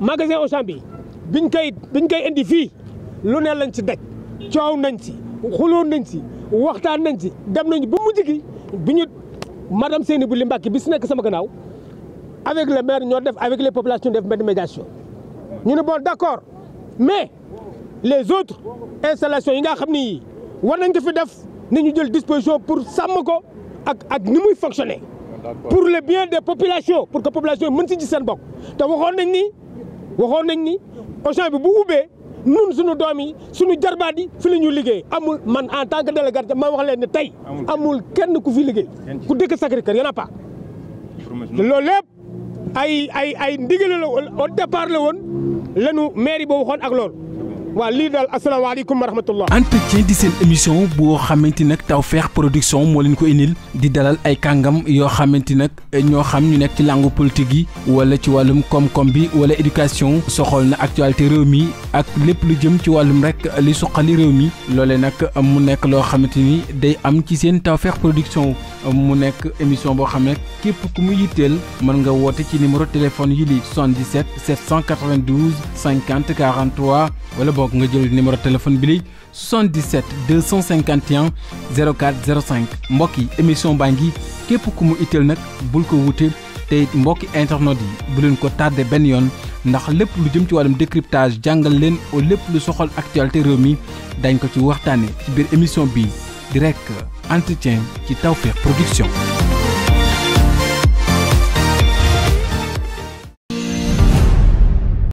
magasin Auchan bi biñ koy biñ koy indi fii lu ne lañ ci daj coow nañ ci xuloon nañ ci waxtaan nañ ci dem nañu ba mujj bu ñu madame Seyni bu li Mbàkke bi si nekk sama gannaaw avec le maire ñoo def avec les populations def benn médiation ñu ne bon d'accord mais les autres installations yi nga xam ni yii war nañ ko fi def ni ñu jël disposition pour sàmm ko ak ak ni muy fonctionner pour le bien des populations pour que population mën si gis seen bopp te waxoon nañ ni waxoon nañ ni Auchan bi bu ubbee nun suñu doom yi suñu jarbaat yi fi la ñuy liggéey amul man en tant que délégué ma wax leen ne tey amul kenn ku fi liggéey ku dëkk Sacré-Cœur yana pas loolu lépp ay ay ay ndigale la au woon lanu mairie boo waxoon ak loolu waa lii daal asalaamaaleykum wa rahmatullah entretien di seen émission boo xamante nag Tawfekh Production moo leen ko indil di dalal ay kàngam yoo xamante nag ñoo xam ñu nekk ci làngu politique yi wala ci wàllum koom-koom bi wala éducation soxol na actualité réew mi ak lépp lu jëm ci wàllum rek li suqali réew mi loole nag mu nekk loo xamante ni day am ci seen Tawfekh Production mu nekk émission boo xam ne képp ku mu yitteel mën nga woote ci numéro téléphone yi li 77 792 50 43 wala boog nga jël numéro téléphone bi li 77 251 04 05 mbokk yi émission baa ngi képp ku mu itteel nag bul ko wute te mbokki internet yi bu leen ko tàddee benn yoon ndax lépp lu jëm ci wàllum décryptage jàngal leen o lépp lu soxal actualité réew mi dañ ko ci waxtaane ci biir émission bi direct entretien ci Tawfekh Production